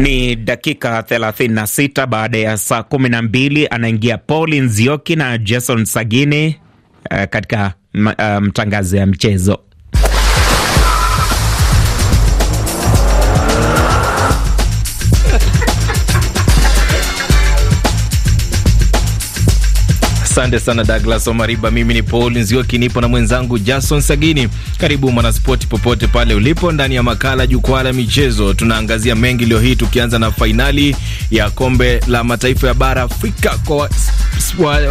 Ni dakika 36 baada ya saa 12, anaingia Paul Nzioki na Jason Sagini uh, katika uh, mtangazo ya mchezo. Asante sana Douglas Omariba. Mimi ni Paul Nzioki, nipo na mwenzangu Jason Sagini. Karibu mwanaspoti popote pale ulipo, ndani ya makala Jukwaa la Michezo. Tunaangazia mengi leo hii, tukianza na fainali ya kombe la mataifa ya bara Afrika kwa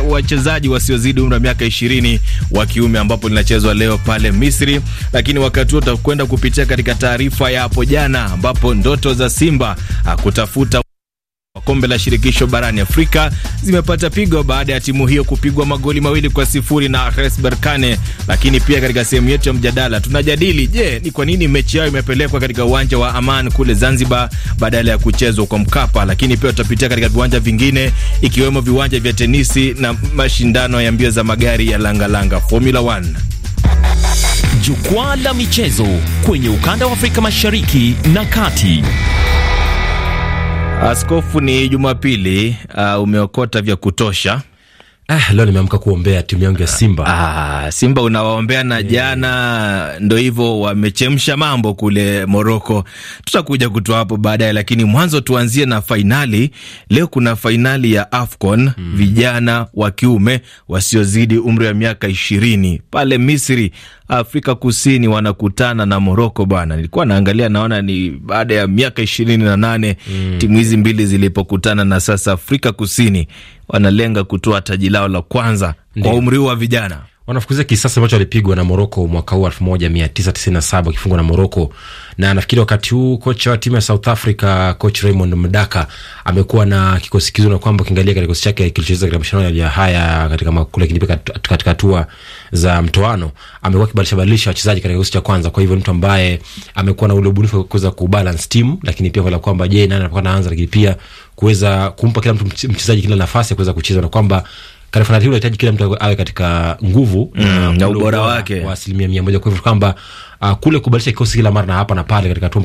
wachezaji wa, wa wasiozidi umri wa miaka ishirini wa kiume, ambapo linachezwa leo pale Misri. Lakini wakati huo utakwenda kupitia katika taarifa ya hapo jana, ambapo ndoto za Simba kutafuta kombe la shirikisho barani Afrika zimepata pigo baada ya timu hiyo kupigwa magoli mawili kwa sifuri na RS Berkane. Lakini pia katika sehemu yetu ya mjadala tunajadili, je, ni kwa nini mechi yao imepelekwa katika uwanja wa Aman kule Zanzibar badala ya kuchezwa kwa Mkapa? Lakini pia tutapitia katika viwanja vingine ikiwemo viwanja vya tenisi na mashindano ya mbio za magari ya langalanga Formula 1. Jukwaa la michezo kwenye ukanda wa Afrika Mashariki na Kati. Askofu, ni Jumapili uh, umeokota vya kutosha Ah, leo nimeamka kuombea timu yangu ya ah, Simba. Ah, Simba unawaombea na eh. jana hey. Ndo hivyo wamechemsha mambo kule Moroko, tutakuja kutoa hapo baadaye, lakini mwanzo tuanzie na fainali. Leo kuna fainali ya AFCON mm. vijana wa kiume wasiozidi umri wa miaka ishirini pale Misri, Afrika Kusini wanakutana na Moroko bwana. Nilikuwa naangalia naona ni baada ya miaka ishirini na nane mm. timu hizi mbili zilipokutana na sasa Afrika Kusini wanalenga kutoa taji lao la kwanza Ndiyo. kwa umri wa vijana wanafukuzia kisasi ambacho alipigwa na Moroko mwaka huu elfu moja mia 1997 akifungwa na Moroko. Na nafikiri wakati huu kocha wa timu ya South Africa, coach Raymond Mdaka amekuwa na kikosi kizuri, na kwamba ukiangalia katika kikosi chake kilichocheza katika mashindano ya haya katika makule kilipa katika hatua za mtoano, amekuwa akibadilisha badilisha wachezaji katika kikosi cha kwanza. Kwa hivyo ni mtu ambaye amekuwa na ule ubunifu wa kuweza kubalance timu, lakini pia kwa kwamba je, nani anaanza, lakini pia kuweza kumpa kila mtu mchezaji kila nafasi ya kuweza kucheza na kwamba katika fanati hilo inahitaji kila mtu awe katika nguvu mm, na ubora wake wa asilimia mia moja. Kwa hivyo kwamba uh, kule kubadilisha kikosi kila mara na hapa na pale katika hatua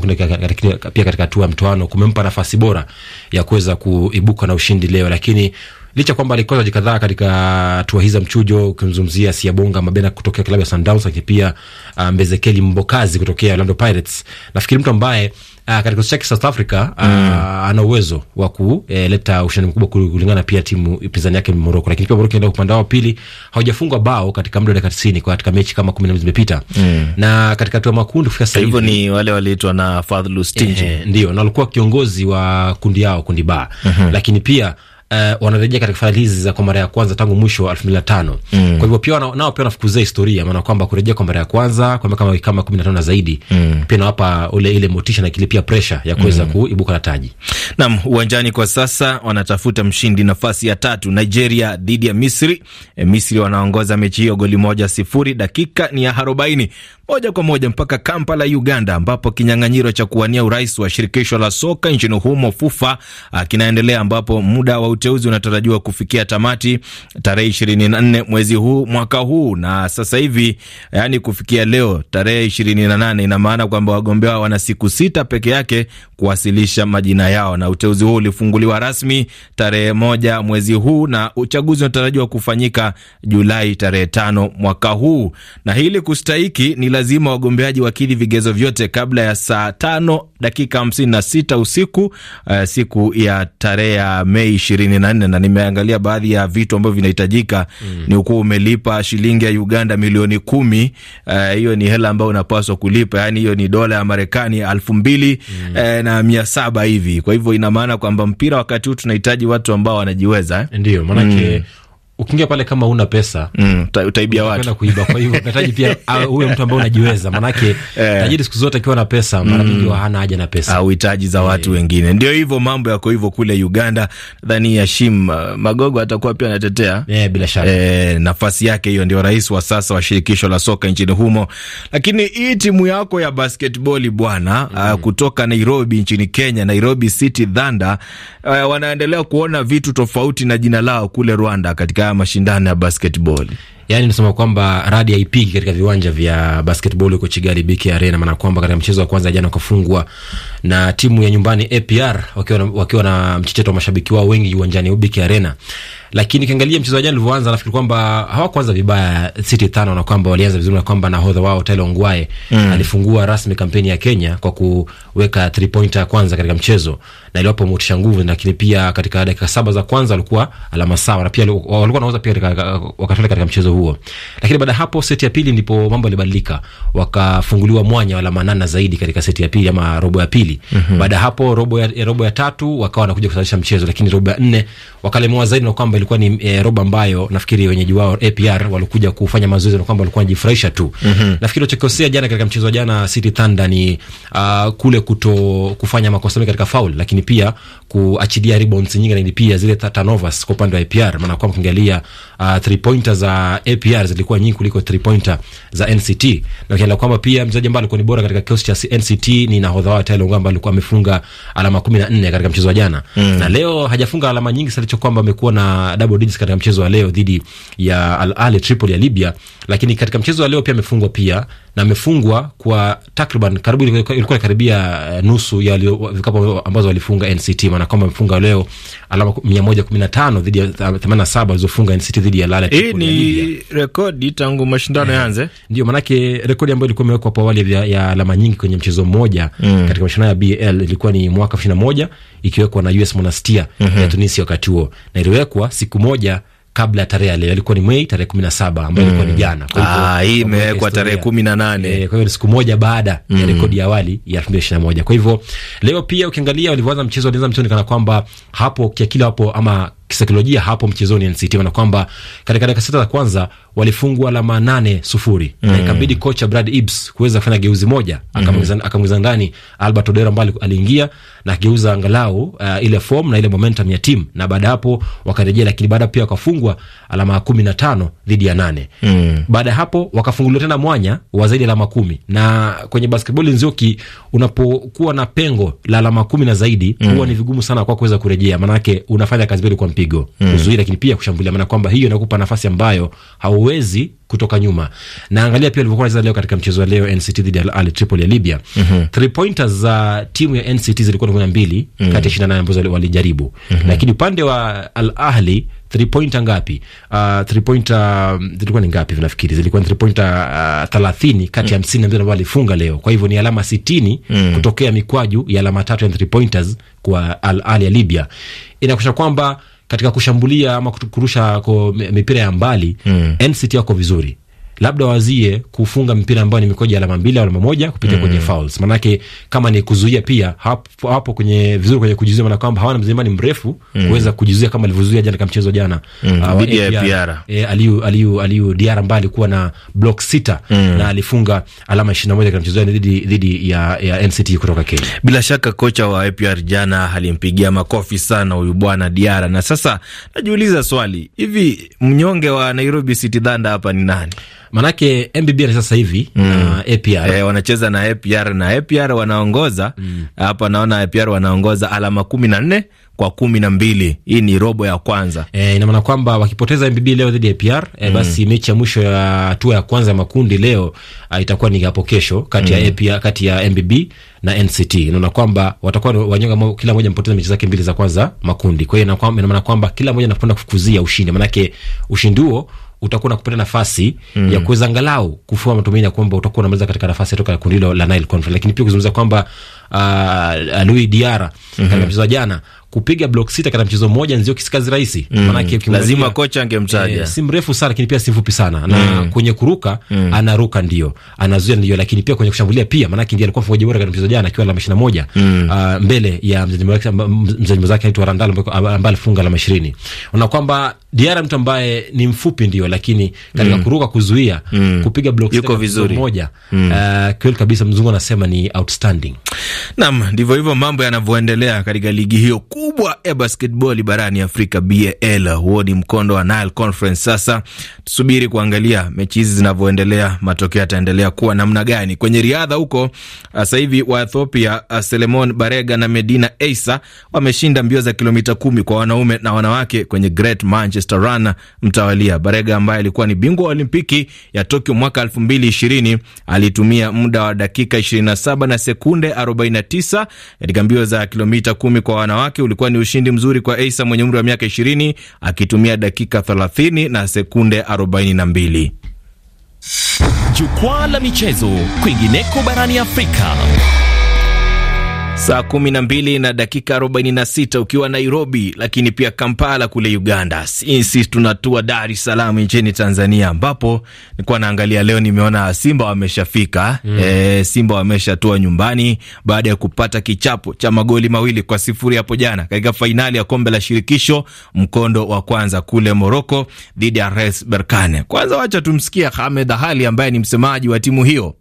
pia katika hatua ya mtoano kumempa nafasi bora ya kuweza kuibuka na ushindi leo, lakini licha kwamba alikosa wachezaji kadhaa katika hatua hii za mchujo, ukimzungumzia Siabonga Mabena kutokea klabu ya Sundowns, lakini pia uh, ah, Mbezekeli Mbokazi kutokea Orlando Pirates. Nafikiri mtu ambaye Uh, katika kikosi chake South Africa uh, mm. ana uwezo wa kuleta eh, uh, ushindani mkubwa kulingana pia timu pinzani yake Moroko, lakini pia Moroko inaenda upande wao pili, hawajafungwa bao katika muda wa dakika tisini kwa katika mechi kama kumi na mbili zimepita mm. na katika hatua makundi kufika sasa hivyo ni wale waliitwa na Fadhlu Stinje eh, ndio na walikuwa kiongozi wa kundi yao kundi ba mm -hmm. lakini pia uh, wanarejea katika fainali hizi za kwa mara ya kwanza tangu mwisho wa elfu mbili na tano. Mm. Kwa hivyo pia nao na pia wanafukuzia historia, maana kwamba kurejea kwa mara ya kwanza kwa miaka kama, kama kumi na tano na zaidi mm. pia nawapa ule ile motisha na kile pia presha ya kuweza mm. kuibuka na taji. Naam, uwanjani kwa sasa wanatafuta mshindi nafasi ya tatu, Nigeria dhidi ya Misri. E, Misri wanaongoza mechi hiyo goli moja sifuri, dakika ni ya arobaini moja kwa moja mpaka Kampala, Uganda, ambapo kinyang'anyiro cha kuwania urais wa shirikisho la soka nchini humo FUFA ah, kinaendelea, ambapo muda wa uteuzi unatarajiwa kufikia tamati tarehe ishirini na nne mwezi huu mwaka huu, na sasa hivi yani kufikia leo tarehe ishirini na nane ina maana kwamba wagombea wana siku sita peke yake kuwasilisha majina yao, na uteuzi huu ulifunguliwa rasmi tarehe moja mwezi huu na uchaguzi unatarajiwa kufanyika Julai tarehe tano mwaka huu, na hili kustahiki ni lazima wagombeaji wakidhi vigezo vyote kabla ya saa tano dakika hamsini na sita usiku uh, siku ya tarehe ya Mei ishirini na nne na nimeangalia baadhi ya vitu ambavyo vinahitajika mm. ni ukuwa umelipa shilingi ya Uganda milioni kumi eh, hiyo uh, ni hela ambayo unapaswa kulipa, yani hiyo ni dola ya Marekani elfu mbili mm. uh, na mia saba hivi. Kwa hivyo ina maana kwamba mpira wakati huu tunahitaji watu ambao wanajiweza eh? Ndio maanake mm ukiingia pale kama una pesa mm, utaibia watu kuiba. Kwa hiyo unahitaji pia huyo mtu ambaye unajiweza, manake eh, tajiri siku zote akiwa na pesa mm. mara nyingi hana haja na pesa, uhitaji za watu eh, wengine. Ndio hivyo mambo yako hivyo kule Uganda. Nadhani Hashim uh, Magogo atakuwa pia anatetea eh, bila shaka eh, nafasi yake hiyo. Ndio rais wa sasa wa shirikisho la soka nchini humo, lakini hii timu yako ya basketball bwana, uh, mm, uh, kutoka Nairobi nchini Kenya, Nairobi City Thunder, uh, wanaendelea kuona vitu tofauti na jina lao kule Rwanda katika mashindano ya basketball. yani nasema kwamba radi haipigi katika viwanja vya basketball huko Chigali BK Arena, maana kwamba katika mchezo wa kwanza jana wakafungwa na timu ya nyumbani APR wakiwa na, wakiwa na mchecheto wa mashabiki wao wengi uwanjani BK Arena lakini ukiangalia mchezo wa jana ulivyoanza, nafikiri kwamba hawakuanza vibaya City tano na kwamba walianza vizuri na kwamba nahodha wao Tyler Ongwae mm. alifungua rasmi kampeni ya Kenya kwa kuweka three pointer ya kwanza katika mchezo na iliwapa motisha nguvu, lakini pia katika dakika saba za kwanza walikuwa alama sawa na pia walikuwa wanauza pia katika wakati katika mchezo huo, lakini baada ya hapo seti ya pili ndipo mambo yalibadilika, wakafunguliwa mwanya wa alama nane zaidi katika seti ya pili ama robo ya pili. mm -hmm. Baada ya hapo robo ya, robo ya tatu wakawa wanakuja kusalisha mchezo, lakini robo ya nne wakalemewa zaidi na kwamba ilikuwa ni e, eh, robo ambayo nafikiri wenyeji wao APR walikuja kufanya mazoezi na kwamba walikuwa wanajifurahisha tu. mm -hmm. Nafikiri walichokosea jana katika mchezo wa jana City Thunder ni uh, kule kuto kufanya makosa mengi katika foul, lakini pia kuachilia rebounds nyingi na pia zile turnovers kwa upande wa APR, maana kwamba ukiangalia uh, ah, three pointer za APR zilikuwa nyingi kuliko three pointer za NCT, na ukiangalia kwamba pia mchezaji ambaye alikuwa ni bora katika kikosi cha NCT ni nahodha wao Tyler Ongwe ambaye alikuwa amefunga alama 14 katika mchezo wa jana mm. na leo hajafunga alama nyingi sana, licho kwamba amekuwa na double digits katika mchezo wa leo dhidi ya Al Ahly Tripoli ya Libya lakini katika mchezo wa leo pia amefungwa pia na amefungwa kwa takriban karibu ilikuwa karibia eh, nusu ya vikapu ambazo walifunga NCT, maana kwamba amefunga leo alama 115 dhidi ya 87 alizofunga NCT dhidi ya Lala. Hii ni rekodi tangu mashindano eh, yaanze, ndio maana yake rekodi ambayo ilikuwa imewekwa hapo awali ya alama nyingi kwenye mchezo mmoja mm. katika mashindano ya BL ilikuwa ni mwaka 21 ikiwekwa na US Monastir mm -hmm. ya mhm. Tunisia wakati huo na iliwekwa siku moja kabla ya tarehe leo, ilikuwa ni Mei tarehe 17 ambayo ilikuwa ni mm. jana. Kwa hivyo ah, hii imewekwa tarehe 18. Eh, kwa ni siku moja baada mm. ya rekodi ya awali ya 2021. Kwa hivyo leo pia ukiangalia walivyoanza mchezo walianza mchezo kana kwamba hapo kiakili hapo ama kisaikolojia hapo mchezoni NCT Stima, na kwamba katika dakika sita za kwanza walifungwa alama nane sufuri mm. na ikabidi kocha Brad Ibs kuweza kufanya geuzi moja, akamwingiza mm-hmm. ndani Albert Odero ambaye aliingia na akigeuza angalau uh, ile form na ile momentum ya timu, na baada hapo wakarejea, lakini baada pia wakafungwa alama kumi na tano dhidi ya nane mm. baada hapo wakafunguliwa tena mwanya wa zaidi ya alama kumi na kwenye basketball Nzioki, unapokuwa na pengo la alama kumi na zaidi mm. huwa ni vigumu sana kwa kuweza kurejea, manake unafanya kazi bado kwa mpigo mm. kuzuia, lakini pia kushambulia, maana kwamba hiyo inakupa nafasi ambayo hauwezi kutoka nyuma. Na angalia pia walivyokuwa wanacheza leo katika mchezo wa leo NCT dhidi ya Al Tripoli ya Libya mm -hmm. three pointers za uh, timu ya NCT zilikuwa ni kumi na mbili mm -hmm. kati ya ishirini na nane ambazo walijaribu mm -hmm. lakini upande wa Al Ahli three pointer ngapi? Uh, three pointer mm, zilikuwa ni ngapi? Vinafikiri zilikuwa ni three pointer ah, thelathini uh, kati ya hmm. hamsini na mbili ambao walifunga leo. Kwa hivyo ni alama sitini mm. -hmm. kutokea mikwaju ya alama tatu ya three pointers kwa Al Ahli ya Libya, inakusha kwamba katika kushambulia ama kurusha mipira ya mbali mm. NCT yako vizuri labda wazie kufunga mpira ambao ni mikoja alama mbili au alama moja kupitia mm. kwenye fouls, manake kama ni kuzuia pia hapo, hapo kwenye vizuri kwenye kujizuia, maana kwamba hawana mzimani mrefu mm. kuweza kujizuia kama alivyozuia jana kama mchezo jana mm. uh, dhidi ya APR e, eh, aliu aliu aliu DR ambaye alikuwa na block sita mm. na alifunga alama 21 katika mchezo dhidi dhidi ya, ya NCT kutoka Kenya. Bila shaka kocha wa APR jana alimpigia makofi sana huyu bwana DR, na sasa najiuliza swali hivi, mnyonge wa Nairobi City Thunder hapa ni nani? Manake MBBR sasa hivi mm. na uh, APR e, eh, wanacheza na APR na APR wanaongoza mm. hapa mm. Naona APR wanaongoza alama kumi na nne kwa kumi na mbili. Hii ni robo ya kwanza e, ina maana kwamba wakipoteza MBB leo dhidi ya APR e, eh, basi mm. mechi ya mwisho ya hatua ya kwanza ya makundi leo a, ah, itakuwa ni hapo kesho kati ya mm. APR, kati ya MBB na NCT. Inaona kwamba watakuwa wanyonga, kila mmoja mpoteza mechi zake mbili za kwanza makundi. Kwa hiyo ina maana kwamba kila mmoja anakwenda kufukuzia ushindi, maanake ushindi huo utakuwa na kupata nafasi mm. ya kuweza angalau kufua matumaini ya kwamba utakuwa unamaliza katika nafasi ya kutoka kundi la Nile Conference, lakini pia kuzungumza kwamba uh, uh Louis Diara mm -hmm. katika mhm. mchezo jana kupiga blok sita katika mchezo mmoja nzio kisikazi rahisi mm. Manake lazima kocha angemtaja e, si mrefu sana lakini pia si mfupi sana na mm. kwenye kuruka mm. anaruka ndio anazuia ndio, lakini pia kwenye kushambulia pia, manake ndio alikuwa mfungaji bora katika mchezo jana akiwa na alama moja mm. uh, mbele ya mzalimu wake mzalimu wake anaitwa Randall ambaye alifunga alama 20 kwamba Diara mtu ambaye ni mfupi ndio, lakini katika mm. kuruka, kuzuia mm. kupiga block yuko vizuri moja mm. uh, kweli kabisa, mzungu anasema ni outstanding. Naam, ndivyo hivyo mambo yanavyoendelea katika ligi hiyo kubwa ya basketball barani Afrika BAL. Huo ni mkondo wa Nile Conference. Sasa tusubiri kuangalia mechi hizi zinavyoendelea, matokeo yataendelea kuwa namna gani. Kwenye riadha huko eh, sasa hivi wa Ethiopia eh, Selemon Barega na Medina Eisa wameshinda mbio za kilomita kumi kwa wanaume na wanawake kwenye Great Manchester Mr Ran mtawalia. Barega ambaye alikuwa ni bingwa wa Olimpiki ya Tokyo mwaka 2020 alitumia muda wa dakika 27 na sekunde 49 katika mbio za kilomita 10 kwa wanawake. Ulikuwa ni ushindi mzuri kwa Aisa mwenye umri wa miaka 20 akitumia dakika 30 na sekunde 42. Jukwaa la michezo kwingineko barani Afrika saa 12 na dakika 46 ukiwa Nairobi, lakini pia Kampala kule Uganda. Sisi tunatua Dar es Salaam nchini Tanzania, ambapo nilikuwa naangalia leo, nimeona Simba wameshafika mm. E, Simba wameshatua nyumbani baada ya kupata kichapo cha magoli mawili kwa sifuri hapo jana katika fainali ya kombe la shirikisho mkondo wa kwanza kule Moroko dhidi ya Res Berkane. Kwanza wacha tumsikia Hamed Ahali ambaye ni msemaji wa timu hiyo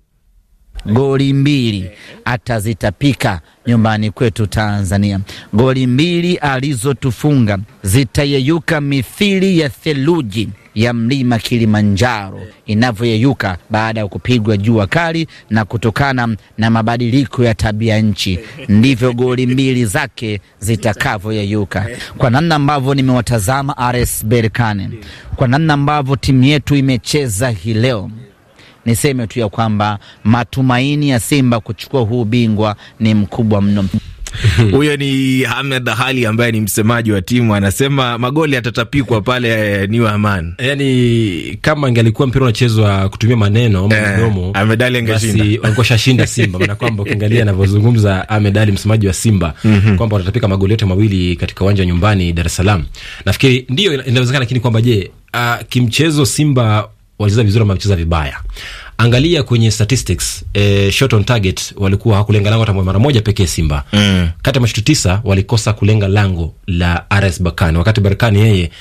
goli mbili atazitapika nyumbani kwetu Tanzania. Goli mbili alizotufunga zitayeyuka mithili ya theluji ya mlima Kilimanjaro inavyoyeyuka baada ya kupigwa jua kali na kutokana na mabadiliko ya tabia nchi, ndivyo goli mbili zake zitakavyoyeyuka. Kwa namna ambavyo nimewatazama RS Berkane, kwa namna ambavyo timu yetu imecheza hii leo niseme tu ya kwamba matumaini ya Simba kuchukua huu ubingwa ni mkubwa mno. Huyo ni Hamed Hali ambaye ni msemaji wa timu, anasema magoli atatapikwa pale eh, New Aman. Yani kama ingelikuwa mpira unachezwa kutumia maneno ama eh, mdomo, Hamed Ali angeshinda, alikuwa shashinda Simba. Maana kwamba ukiangalia anavyozungumza Hamed Ali, msemaji wa Simba, mhm. kwamba watatapika magoli yote mawili katika uwanja wa nyumbani Dar es Salaam, nafikiri ndio inawezekana, lakini kwamba je, uh, kimchezo Simba walicheza vizuri ama walicheza vibaya. Angalia kwenye statistics, eh, shot on target walikuwa hakulenga lango hata mara moja pekee Simba. Mm. Kati ya mashuti tisa walikosa kulenga lango la RS Bakani, wakati barkani yeye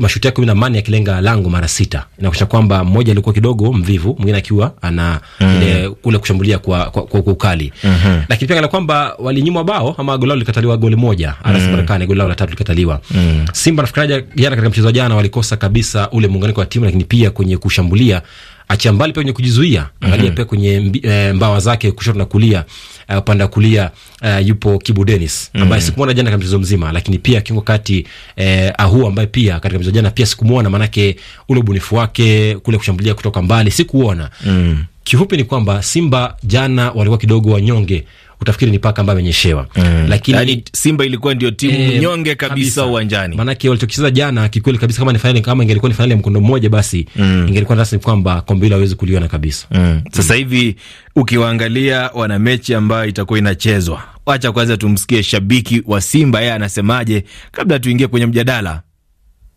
mashuti yake kumi na mane yakilenga lango mara sita, inakuonyesha kwamba mmoja alikuwa kidogo mvivu, mwingine akiwa ana mm. ile kule kushambulia kwa kwa, kwa ukali mm -hmm. Lakini pia kwamba walinyimwa bao ama goli lao likataliwa goli moja RS Berkane, mm. goli lao la tatu likataliwa. Mm. Simba nafikiri jana katika mchezo jana walikosa kabisa ule muunganiko wa timu, lakini pia kwenye kushambulia achia mbali pia kwenye kujizuia, angalia mm -hmm. pia kwenye e, mbawa zake kushoto na kulia, eh, upande uh, kulia uh, yupo Kibu Dennis mhm. ambaye mm -hmm. sikumwona jana katika mchezo mzima, lakini pia kiungo kati eh, Ahu ambaye pia katika mchezo jana pia sikumwona, maanake ule ubunifu wake kule kushambulia kutoka mbali sikuona. mm -hmm. Kifupi ni kwamba Simba jana walikuwa kidogo wanyonge utafikiri ni paka ambaye amenyeshewa. Mm. Lakini yani, Simba ilikuwa ndio timu e, nyonge kabisa uwanjani. Maana yake jana kikweli kabisa, kama ni finali, kama ingelikuwa ni finali ya mkondo mmoja, basi mm. ingelikuwa rasmi kwamba kombe hilo hawezi kuliona kabisa. Mm. mm. Sasa hivi mm. ukiwaangalia wana mechi ambayo itakuwa inachezwa. Wacha kwanza tumsikie shabiki wa Simba yeye anasemaje kabla tuingie kwenye mjadala.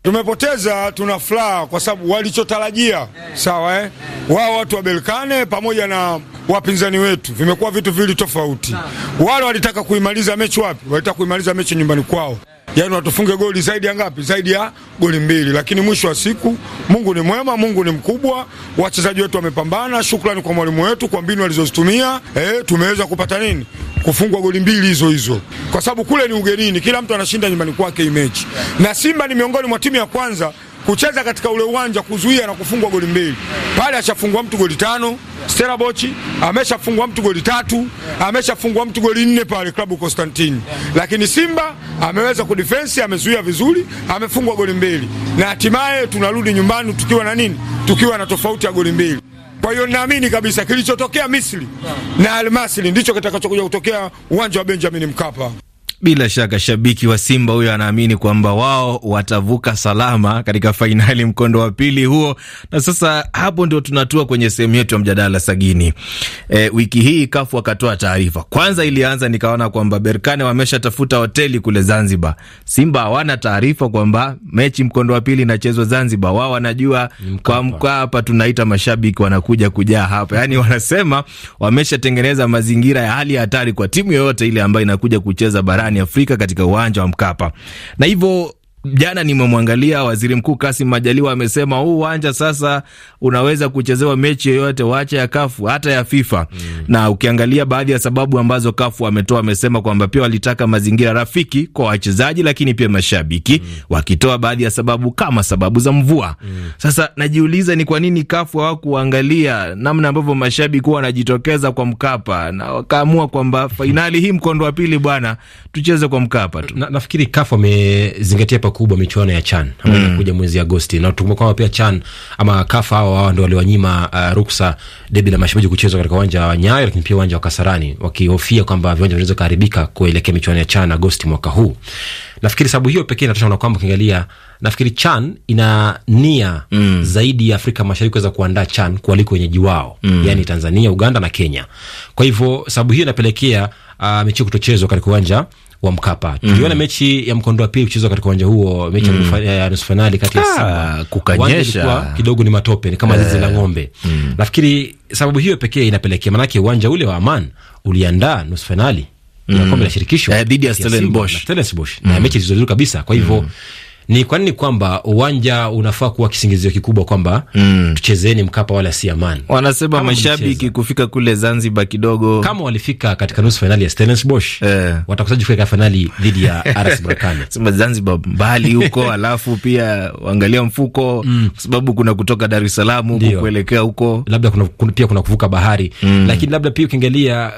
Tumepoteza, tuna furaha kwa sababu walichotarajia sawa, eh, wao watu wa Berkane pamoja na wapinzani wetu vimekuwa vitu viwili tofauti. Wale walitaka kuimaliza mechi wapi? Walitaka kuimaliza mechi nyumbani kwao yani watufunge goli zaidi ya ngapi? Zaidi ya goli mbili. Lakini mwisho wa siku, Mungu ni mwema, Mungu ni mkubwa. Wachezaji wetu wamepambana, shukrani kwa mwalimu wetu kwa mbinu alizozitumia. Eh, tumeweza kupata nini? Kufungwa goli mbili hizo hizo, kwa sababu kule ni ugenini, kila mtu anashinda nyumbani kwake imechi mechi, na Simba ni miongoni mwa timu ya kwanza kucheza katika ule uwanja kuzuia na kufungwa goli mbili pale. Ashafungwa mtu goli tano Stella Bochi, ameshafungwa mtu goli tatu, ameshafungwa mtu goli nne pale klabu Constantine, lakini Simba ameweza kudifensi, amezuia vizuri, amefungwa goli mbili na hatimaye tunarudi nyumbani tukiwa na nini? Tukiwa na tofauti ya goli mbili. Kwa hiyo naamini kabisa kilichotokea Misri na Almasri ndicho kitakachokuja kutokea uwanja wa Benjamin Mkapa. Bila shaka shabiki wa Simba huyo anaamini kwamba wao watavuka salama katika fainali mkondo wa pili huo, na sasa hapo ndio tunatua kwenye sehemu yetu ya mjadala sagini. E, wiki hii kafu wakatoa taarifa kwanza, ilianza nikaona kwamba Berkane wameshatafuta hoteli kule Zanzibar. Simba hawana taarifa kwamba mechi mkondo wa pili inachezwa Zanzibar, wao wanajua kwa mkwa hapa tunaita mashabiki wanakuja kujaa hapa, yani wanasema wameshatengeneza mazingira ya hali ya hatari kwa timu yoyote ile ambayo inakuja kucheza bara barani Afrika katika uwanja wa Mkapa na hivyo Jana nimemwangalia waziri mkuu Kasim Majaliwa amesema huu uwanja sasa unaweza kuchezewa mechi yoyote, wacha ya kafu hata ya FIFA mm. Na ukiangalia baadhi ya sababu ambazo kafu ametoa, amesema kwamba pia walitaka mazingira rafiki kwa wachezaji, lakini pia mashabiki mm. wakitoa baadhi ya sababu kama sababu za mvua mm. Sasa najiuliza ni kwa nini kafu hawakuangalia namna ambavyo mashabiki huwa wanajitokeza kwa Mkapa na wakaamua kwamba fainali hii mkondo wa pili bwana tucheze kwa Mkapa tu. Na, nafikiri kafu amezingatia makubwa michuano ya CHAN ambayo mm. inakuja mwezi Agosti, na tukumbuka kwamba pia CHAN ama kafa hao hao ndio waliwanyima uh, ruksa debi la mashemeji kuchezwa katika uwanja wa Nyayo, lakini pia uwanja wa Kasarani, wakihofia kwamba viwanja vinaweza kuharibika kuelekea michuano ya CHAN Agosti mwaka huu. Nafikiri sababu hiyo pekee inatosha na kwamba ukiangalia nafikiri CHAN ina nia mm. zaidi ya Afrika Mashariki kuweza kuandaa CHAN kuwaliko wenyeji wao mm. yani Tanzania, Uganda na Kenya. Kwa hivyo sababu hiyo inapelekea uh, mechi kutochezwa katika uwanja wa Mkapa. Mm-hmm. Tuliona mm. mechi ya mkondo wa pili kuchezwa katika uwanja huo, mechi mm. ya mm-hmm. eh, nusu fainali kati ya ah, Simba, kukanyesha kidogo, ni matope, ni kama zizi la eh, ng'ombe. Mm. Nafikiri sababu hiyo pekee inapelekea, maanake uwanja ule wa Aman uliandaa nusu fainali ya mm. kombe la shirikisho eh, dhidi ya Stellenbosch mm. na mechi zilizozuru kabisa, kwa hivyo mm ni kwa nini kwamba uwanja unafaa kuwa kisingizio kikubwa kwamba mm. tuchezeni Mkapa wala si Amani. Wanasema mashabiki kufika kule Zanzibar kidogo, kama walifika katika nusu fainali ya Stellenbosch eh, watakusaji kufika fainali dhidi ya RS Berkane. Sema Zanzibar mbali huko, alafu pia angalia mfuko mm. kwa sababu kuna kutoka Dar es Salaam huko kuelekea huko, labda kuna, kuna, pia kuna kuvuka bahari mm. lakini labda pia ukiangalia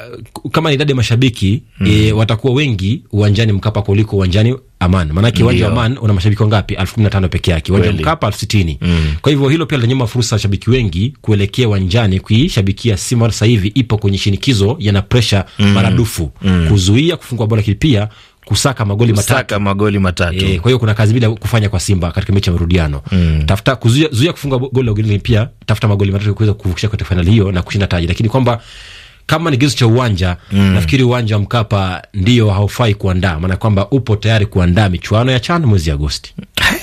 kama ni idadi ya mashabiki mm. e, watakuwa wengi uwanjani Mkapa kuliko uwanjani Aman maanake uwanja wa Aman una mashabiki wangapi? elfu kumi na tano peke yake, uwanja Mkapa elfu sitini mm. Kwa hivyo hilo pia linanyima fursa ya washabiki wengi kuelekea uwanjani kuishabikia Simba. Sasa hivi ipo kwenye shinikizo, yana presha mm. maradufu mm. kuzuia kufungua bao, lakini pia kusaka magoli kusaka matatu, magoli matatu. E, kwa hiyo kuna kazi bila kufanya kwa Simba katika mechi ya marudiano mm. tafuta kuzuia kufunga goli la ugenini, pia tafuta magoli matatu kuweza kuvukisha katika fainali hiyo na kushinda taji, lakini kwamba kama ni kizo cha uwanja mm. Nafikiri uwanja wa Mkapa ndio haufai kuandaa, maana kwamba upo tayari kuandaa michuano ya CHAN mwezi Agosti.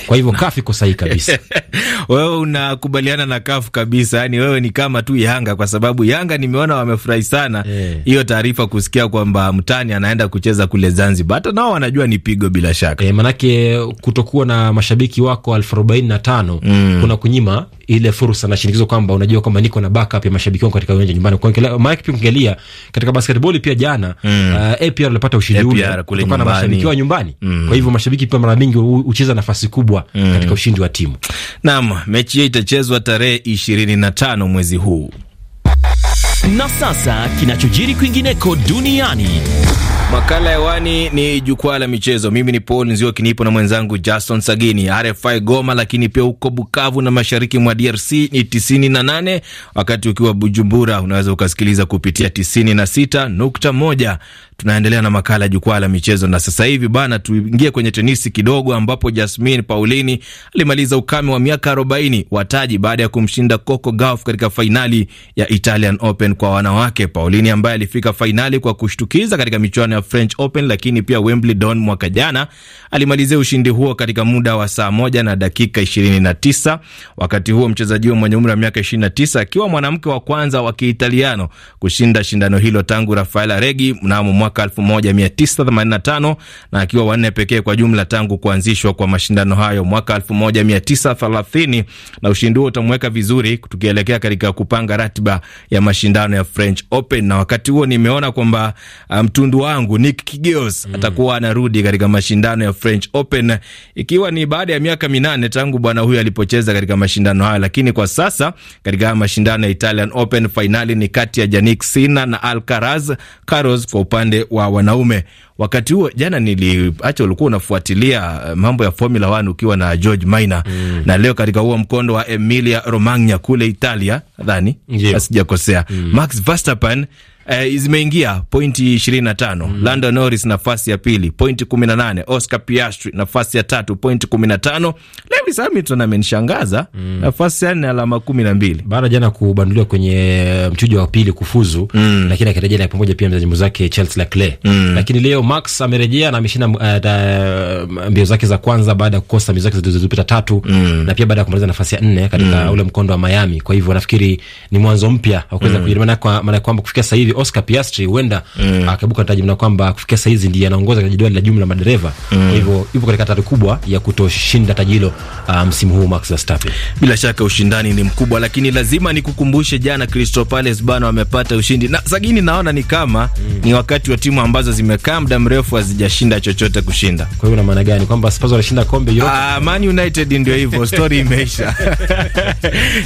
Kwa hivyo kafu iko sahihi kabisa. Wewe unakubaliana na kafu kabisa, yani wewe ni kama tu Yanga, kwa sababu Yanga nimeona wamefurahi sana eh. hiyo e, taarifa kusikia kwamba mtani anaenda kucheza kule Zanzibar. Hata nao wanajua ni pigo bila shaka e, manake kutokuwa na mashabiki wako elfu arobaini na tano mm, kuna kunyima ile fursa na shinikizo kwamba unajua kwamba niko na backup ya mashabiki wangu katika uwanja nyumbani. Kwa maana pia ukiangalia katika basketball pia jana mm, uh, APR alipata ushindi ule kutokana na mashabiki wa nyumbani mm. Kwa hivyo mashabiki pia mara mingi hucheza nafasi kubwa kubwa mm, katika ushindi wa timu. Naam, mechi hiyo itachezwa tarehe 25 mwezi huu. Na sasa kinachojiri kwingineko duniani Makala hewani ni jukwaa la michezo. Mimi ni Paul Nzio, kinipo na mwenzangu Jason Sagini. RFI Goma, lakini pia huko Bukavu na mashariki mwa DRC ni 98 na wakati ukiwa Bujumbura unaweza ukasikiliza kupitia 96.1 Tunaendelea na makala ya jukwaa la michezo, na sasa hivi bana, tuingie kwenye tenisi kidogo, ambapo Jasmin Paulini alimaliza ukame wa miaka 40 wa taji baada ya kumshinda Coco Gauff katika fainali ya Italian Open kwa wanawake. Paulini ambaye alifika fainali kwa kushtukiza katika michuano ya French Open, lakini pia Wimbledon mwaka jana, alimalizia ushindi huo katika muda wa saa moja na dakika 29. Wakati huo mchezaji huo mwenye umri wa miaka 29 akiwa mwanamke wa kwanza wa Kiitaliano kushinda shindano hilo tangu Rafaela Regi mnamo mwaka 1985 na akiwa wanne pekee kwa jumla tangu kuanzishwa kwa mashindano hayo mwaka 1930, na ushindi huo utamweka vizuri tukielekea katika kupanga ratiba ya mashindano ya French Open. Na wakati huo nimeona kwamba uh, mtundu um, wangu Nick Kyrgios mm, atakuwa anarudi katika mashindano ya French Open ikiwa ni baada ya miaka minane tangu bwana huyo alipocheza katika mashindano hayo, lakini kwa sasa katika mashindano ya Italian Open, fainali ni kati ya Jannik Sinner na Alcaraz. Carlos kwa upande upande wa wanaume. Wakati huo jana niliacha, ulikuwa unafuatilia eh, mambo ya Formula 1 ukiwa na George Minor mm. na leo katika huo mkondo wa Emilia Romagna kule Italia, nadhani asijakosea mm. Max Verstappen Eh, zimeingia pointi ishirini na tano. mm. Lando Norris nafasi ya pili pointi kumi na nane. Oscar Piastri nafasi ya tatu pointi kumi na tano. Lewis Hamilton amenishangaza mm. nafasi yani alama kumi na mbili baada jana kubanduliwa kwenye eh, mchujo wa pili kufuzu mm. lakini akirejea na pamoja pia mchezaji mwenzake Charles Leclerc mm. lakini leo Max amerejea na ameshinda uh, mbio zake za kwanza baada ya kukosa mbio zake zilizopita tatu mm. na pia baada ya kumaliza nafasi ya nne katika mm. ule mkondo wa Miami. Kwa hivyo nafikiri ni mwanzo mpya wa kuweza mm. kujirimana kwa maana kwamba kufikia sasa hivi Oscar Piastri huenda mm. akaibuka taji na kwamba kufikia sasa hizi ndiye anaongoza katika jedwali la jumla madereva mm. kwa hivyo yupo katika hatari kubwa ya kutoshinda taji hilo Ah, msimu um, huu Max Verstappen. Bila shaka ushindani ni mkubwa, lakini lazima nikukumbushe, jana Crystal Palace bana wamepata ushindi na sagini, naona ni kama mm, ni wakati wa timu ambazo zimekaa muda mrefu hazijashinda chochote kushinda. Kwa hiyo una maana gani kwamba Spurs wanashinda kombe yote? Ah, Man United ndio hivyo story imeisha.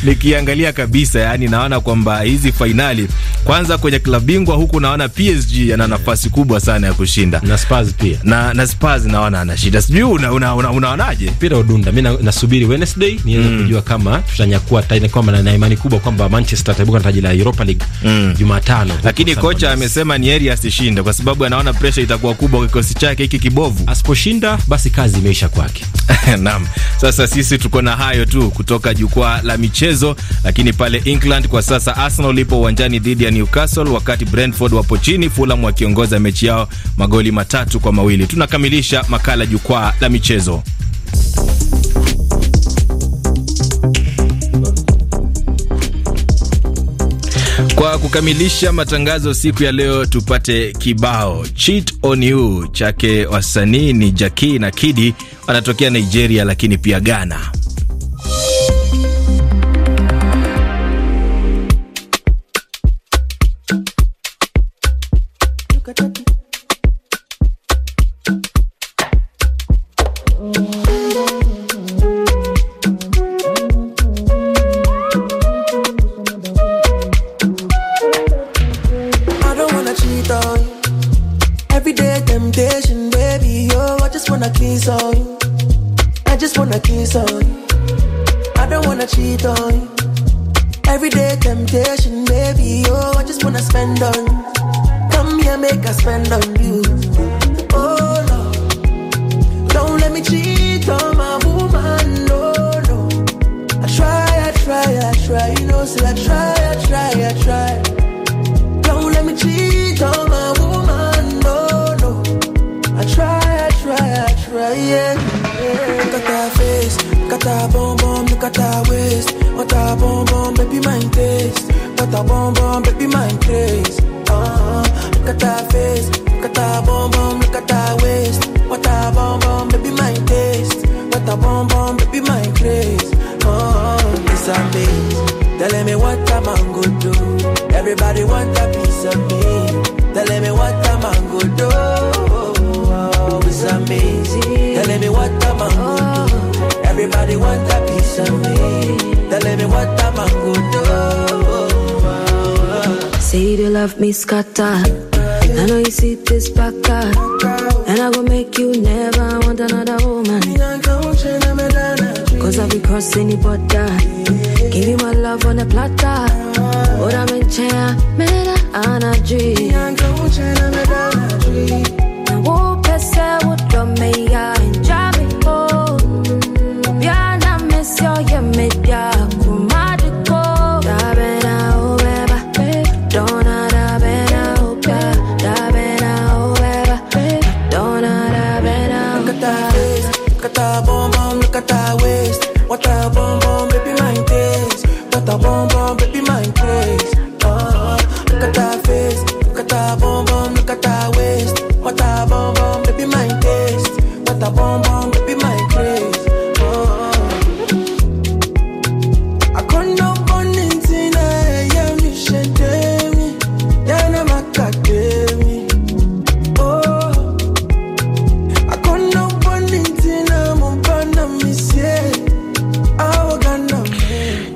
Nikiangalia kabisa, yani naona kwamba hizi fainali kwanza kwenye klabu bingwa huku naona PSG ana nafasi kubwa sana ya kushinda na Spurs pia na, na Spurs naona ana shida, sijui unaonaje una, una, una, una, una, una, una, una, una, udunda mimi nasubiri Wednesday niweze mm. kujua kama tutanyakua taji, kwamba na imani kubwa kwamba Manchester ataibuka na taji la Europa League mm. Jumatano, lakini kocha amesema ni heri asishinde kwa sababu anaona pressure itakuwa kubwa kwa kikosi chake hiki kibovu. Asiposhinda basi kazi imeisha kwake. Naam, sasa sisi tuko na hayo tu kutoka jukwaa la michezo, lakini pale England kwa sasa Arsenal ipo uwanjani dhidi ya Newcastle, wakati Brentford wapo chini, Fulham wakiongoza mechi yao magoli matatu kwa mawili. Tunakamilisha makala jukwaa la michezo. Kwa kukamilisha matangazo siku ya leo, tupate kibao Cheat on You chake wasanii ni Jaki na Kidi, wanatokea Nigeria lakini pia Ghana. just wanna kiss on you. I just wanna kiss on you. I don't wanna cheat on you. Everyday temptation, baby. Oh, I just wanna spend on you. Come here, make I spend on you. Oh, no, Don't let me cheat on my woman. No, no. I try, I try, I try. You know, still I try, I try, I try. Uh-huh. at her waist. What a bomb bomb, baby, my taste. What a bomb bomb, baby, my craze. Uh, uh-huh. look at her face. Look at her bomb bomb, look at her waist. What a bomb bomb, baby, my taste. What a bomb bomb, baby, my craze. Uh, it's a maze. Telling me what a man go do. Everybody want a piece of me. Everybody want a piece of me. Tell me what do. Say you love me scatter. I know you see this back And I will make you never want another woman. Cause I'll be crossing the border. Give you my love on a platter. Ora mencea, mera anadri.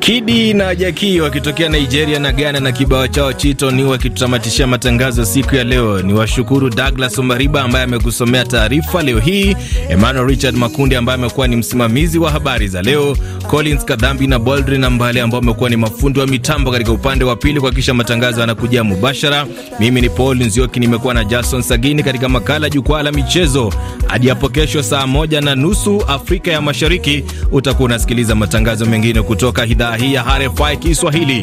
Keep. Kedi na Jaki wakitokea Nigeria na Ghana na kibao chao Chito ni wakitutamatishia matangazo siku ya leo. Ni washukuru Douglas Omariba ambaye amekusomea taarifa leo hii, Emmanuel Richard Makundi ambaye amekuwa ni msimamizi wa habari za leo, Collins Kadhambi na Boldrin Ambale ambao amekuwa ni mafundi wa mitambo katika upande wa pili kuhakikisha matangazo yanakujia mubashara. Mimi ni Paul Nzioki, nimekuwa na Jason Sagini katika makala Jukwaa la Michezo. Hadi hapo kesho saa moja na nusu Afrika ya Mashariki utakuwa unasikiliza matangazo mengine kutoka idhaa hii ya RFI Kiswahili.